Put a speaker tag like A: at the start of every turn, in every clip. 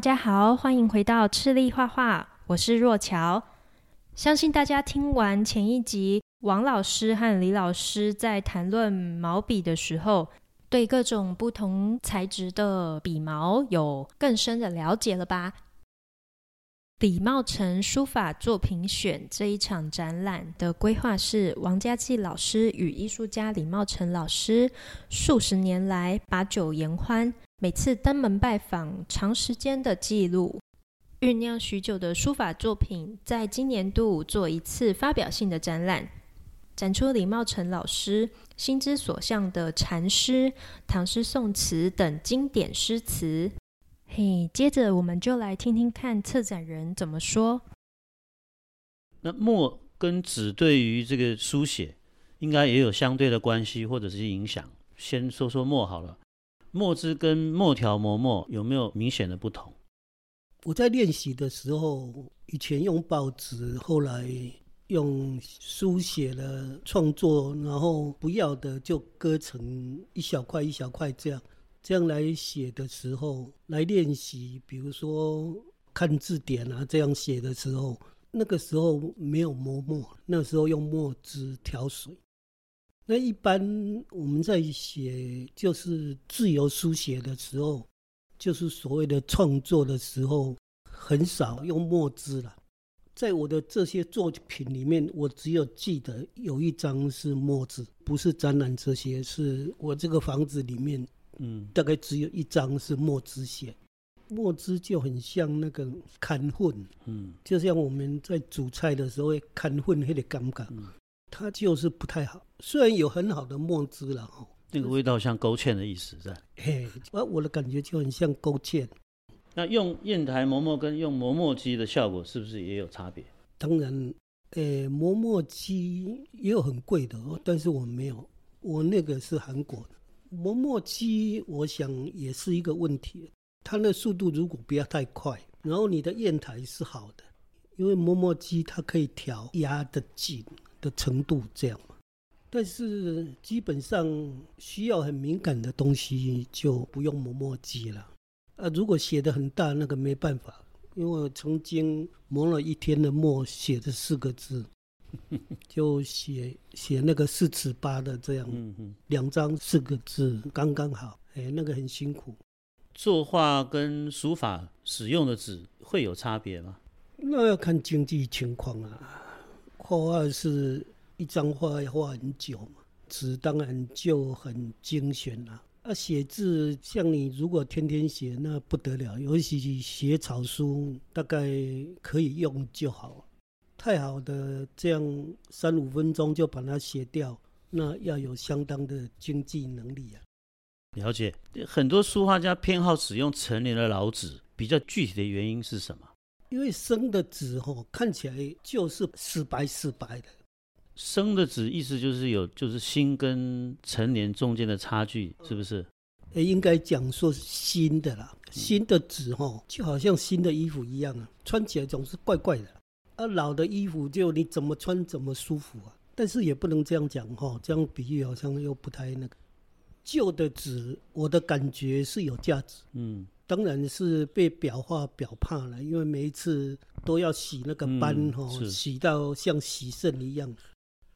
A: 大家好，歡迎回到赤粒話畫，我是若橋。相信大家聽完前一集，王老師和李老師在談論毛筆的時候，對各種不同材質的筆毛有更深的了解了吧？李茂成書法作品選，這一場展覽的規劃是，王嘉驥老師與藝術家李茂成老師數十年來把酒言歡，每次登門拜訪長時間的記錄，醞釀許久的書法作品，在今年度做一次發表性的展覽，展出李茂成老師心之所向的禪詩、唐詩、宋詞等經典詩詞。嘿、hey，接着我們就來聽聽看策展人怎麼說。那墨
B: 跟紙對於這個書寫，應該也有相對的關係或者是影響。先說說墨好了，墨汁跟墨條磨墨有沒有明顯的不同？
A: 我在練習的時候，以前用報紙，後來用書寫的創作，然後不要的就割成一小塊一小塊這樣。這樣來寫的時候，來練習，比如說看字典啊，這樣寫的時候，那個時候沒有磨墨，那時候用墨汁調水。那一般我們在寫就是自由書寫的時候，就是所謂的創作的時候，很少用墨汁了。在我的這些作品裡面，我只有記得有一張是墨汁，不是展覽這些，是我這個房子裡面。嗯，大概只有一張是墨汁寫。墨汁就很像那個芡粉，嗯，就像我們在煮菜的時候芡粉那個感覺，它就是不太好。雖然有很好的墨汁啦這、那個
B: 味道像勾芡的意思，是
A: 吧？嘿，啊，我的感覺就很像勾芡。
B: 那用硯台磨墨跟用磨墨機的效果是不是也有差別？
A: 當然，呃、欸，磨墨機也有很貴的哦，但是我沒有，我那個是韓國的。磨墨機，我想也是一個問題。它那速度，如果不要太快，然後你的硯台是好的，因為磨墨機它可以調壓的緊的程度這樣嘛，但是基本上需要很敏感的東西就不用磨墨機了。啊，如果寫的很大那個沒辦法，因為我曾經磨了一天的墨寫的四個字。 就寫寫那個四尺八的這樣，嗯，兩張四個字剛剛好。哎，那個很辛苦。
B: 作畫跟書法使用的紙會有差別嗎？
A: 那要看經濟情況啊。畫畫是一張畫畫很久嘛，紙當然就很精選了，啊。那，啊，寫字像你如果天天寫那不得了，尤其是寫草書，大概可以用就好。太好的，這樣三五分鐘就把它寫掉，那要有相當的經濟能力
B: 啊。了解，很多書畫家偏好使用陳年的老紙，比較具體的原因是什麼？
A: 因為生的紙哈、哦，看起來就是死白死白的。
B: 生的紙意思就是有就是新跟陳年中間的差距，是不是？
A: 呃、嗯，應該講說是新的啦，新的紙哈、哦，就好像新的衣服一樣啊，穿起來總是怪怪的。啊、老的衣服就你怎麼穿怎麼舒服啊，但是也不能這樣講哈、哦，這樣比喻好像又不太那個。舊的紙，我的感覺是有價值，嗯，當然是被裱畫裱怕了，因為每一次都要洗那個斑哈、哦嗯，洗到像洗腎一樣，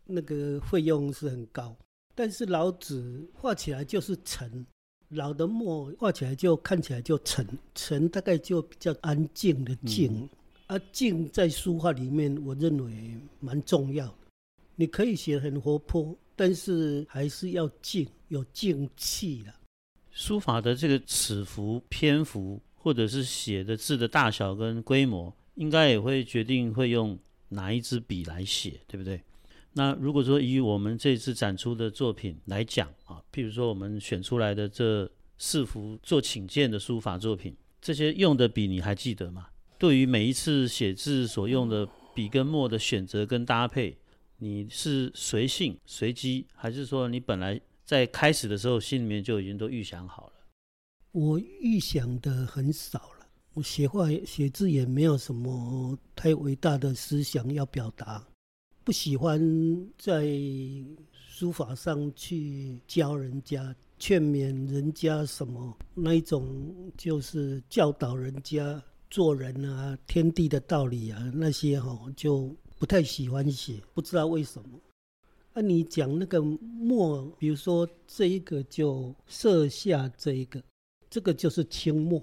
A: 那個費用是很高。但是老紙畫起來就是沉，老的墨畫起來就看起來就沉，沉大概就比較安靜的靜。嗯啊，靜在書畫裡面，我認為蠻重要。你可以寫很活潑，但是還是要靜，有靜氣的。
B: 書法的這個尺幅、篇幅，或者是寫的字的大小跟規模，應該也會決定會用哪一支筆來寫，對不對？那如果說以我們這次展出的作品來講啊，譬如說我們選出來的這四幅做請柬的書法作品，這些用的筆你還記得嗎？對於每一次寫字所用的筆跟墨的選擇跟搭配，你是隨性隨機，還是說你本來在開始的時候心裡面就已經都預想好了？
A: 我預想的很少了。我寫畫寫字也沒有什麼太偉大的思想要表達，不喜歡在書法上去教人家、勸勉人家什麼那一種，就是教導人家。做人啊，天地的道理啊，那些哈、哦、就不太喜歡寫，不知道為什麼。那、啊、你講那個墨，比如說這一個就色下這一個，這個就是青墨，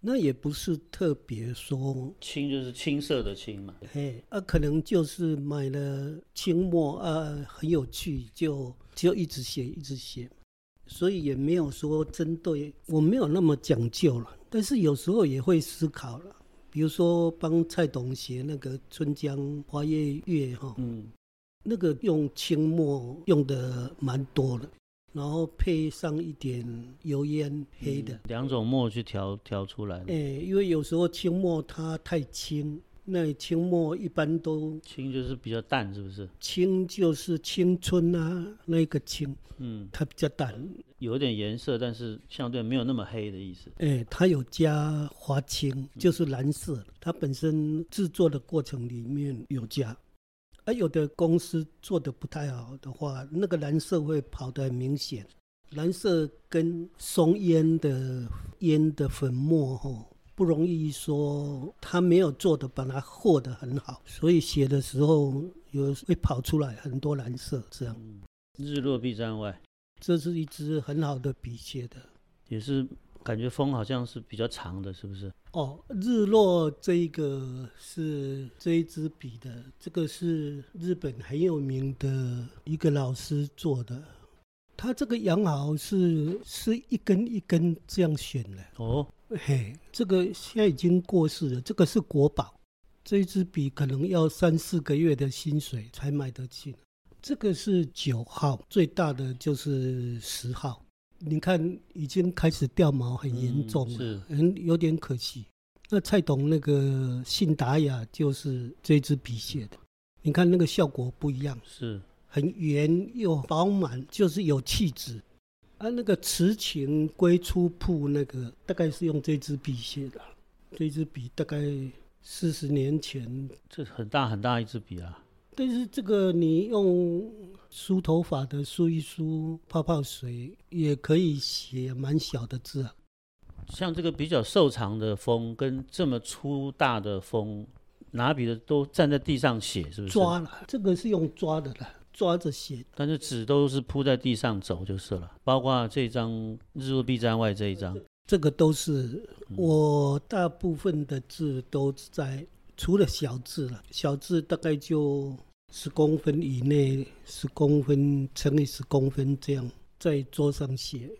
A: 那也不是特
B: 別說青就是青色的青嘛。嘿，
A: 啊，可能就是買了青墨，啊，很有趣，就就一直寫，一直寫。所以也沒有說針對，我沒有那麼講究了。但是有時候也會思考了，比如說幫蔡董寫那個《春江花月夜》哈，嗯，那個用青墨用的蠻多的，然後配上一點油煙黑，的，
B: 兩、嗯、種墨去調調出來、
A: 欸、因為有時候青墨它太清。那個、青墨一般都青就
B: 是比較淡，是不是？
A: 青就是青春啊，那個青，嗯，它比較淡，
B: 有點顏色，但是相對沒有那麼黑的意思。哎、欸，
A: 它有加花青，就是藍色，嗯、它本身製作的過程裡面有加，而、啊、有的公司做得不太好的話，那個藍色會跑得很明顯，藍色跟松煙的煙的粉末吼、哦。不容易說他沒有做的把它和得很好，所以寫的時候有會跑出來很多藍色這樣。
B: 嗯，日落筆站外，
A: 這是一支很好的筆寫的，
B: 也是感覺風好像是比較長的，是不是？
A: 哦，日落這一個是這一支筆的，這個是日本很有名的一個老師做的，他這個羊毫是是一根一根這樣選的哦。嘿，這個現在已經過世了。這個是國寶，這一支筆可能要三四個月的薪水才買得起。這個是九號，最大的就是十號。你看，已經開始掉毛，很嚴重了，了、嗯，嗯，有點可惜。那蔡董那個信達雅就是這一支筆寫的，你看那個效果不一樣，是很圓又飽滿，就是有氣質。啊，那個“池情歸初瀑”那個，大概是用這支筆寫的。這支筆大概四十年前，
B: 這很大很大一支筆啊。
A: 但是這個你用梳頭髮的梳一梳，泡泡水也可以寫蠻小的字啊。
B: 像這個比較瘦長的鋒跟這麼粗大的鋒，拿筆的都站在地上寫，是不是？抓
A: 了，這個是用抓的了。抓着寫，
B: 但是紙都是鋪在地上走就是了。包括這張日落碧山外這一張，
A: 這個都是我大部分的字都在、嗯、除了小字啦，小字大概就十公分以內，十公分乘以十公分這樣在桌上寫。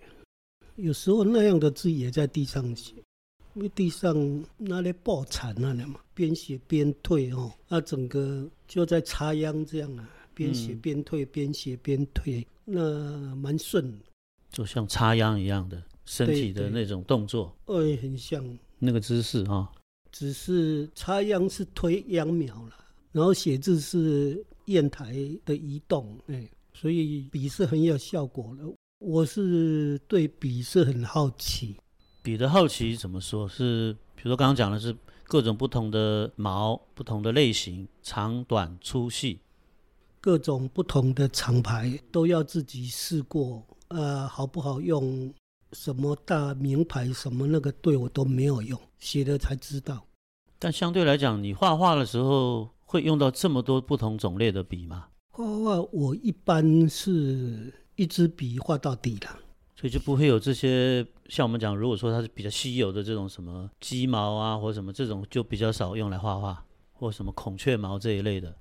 A: 有時候那樣的字也在地上寫，因為地上拿來報產那裡嘛，邊寫邊退哦，那、啊、整個就在插秧這樣啊。邊寫邊，邊，邊退，邊寫邊退，那蠻順，
B: 就像插秧一樣的身體的那種動作，
A: 呃，很像
B: 那個姿勢啊、哦。
A: 只是插秧是推秧苗啦，然後寫字是硯台的移動，哎，所以筆是很有效果的。我是對筆是很好奇，
B: 筆的好奇怎麼說是？比如說剛剛講的是各種不同的毛，不同的類型，長短粗細。
A: 各種不同的廠牌都要自己試過，啊、呃，好不好用？什麼大名牌什麼那個對我都沒有用，寫的才知
B: 道。但相對來講，你畫畫的時候會用到這麼多不同種類的筆嗎？
A: 畫畫我一般是一支筆畫到底了，
B: 所以就不會有這些像我們講，如果說它是比較稀有的這種什麼雞毛啊，或什麼這種就比較少用來畫畫，或什麼孔雀毛這一類的。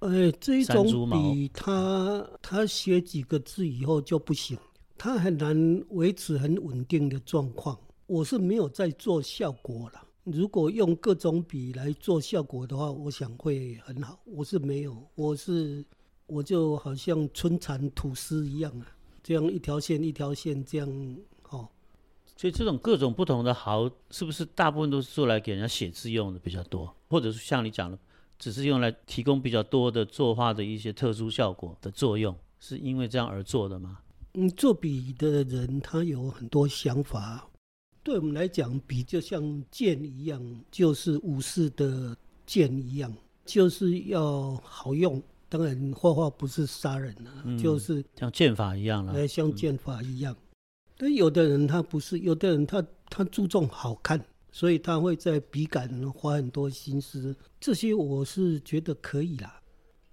B: 哎，這一種筆，
A: 他它寫幾個字以後就不行，他很難維持很穩定的狀況。我是沒有在做效果了。如果用各種筆來做效果的話，我想會很好。我是沒有，我是我就好像春蠶吐絲一樣啊，這樣一條線一條線這樣哦。
B: 所以這種各種不同的毫，是不是大部分都是做來給人家寫字用的比較多？或者是像你講的？只是用來提供比較多的作畫的一些特殊效果的作用，是因為這樣而做的嗎？
A: 嗯，做筆的人他有很多想法。對我們來講，筆就像劍一樣，就是武士的劍一樣，就是要好用。當然，畫畫不是殺人啊，嗯、就是
B: 像劍法一樣了、嗯，像劍
A: 法一樣。但有的人他不是，有的人他他注重好看。所以他會在筆桿花很多心思，這些我是覺得可以啦。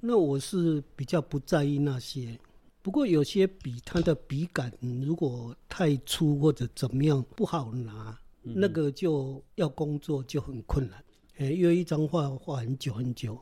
A: 那我是比較不在意那些。不過有些筆它的筆桿如果太粗或者怎麼樣不好拿，嗯嗯，那個就要工作就很困難，欸，因為一張畫畫很久很久。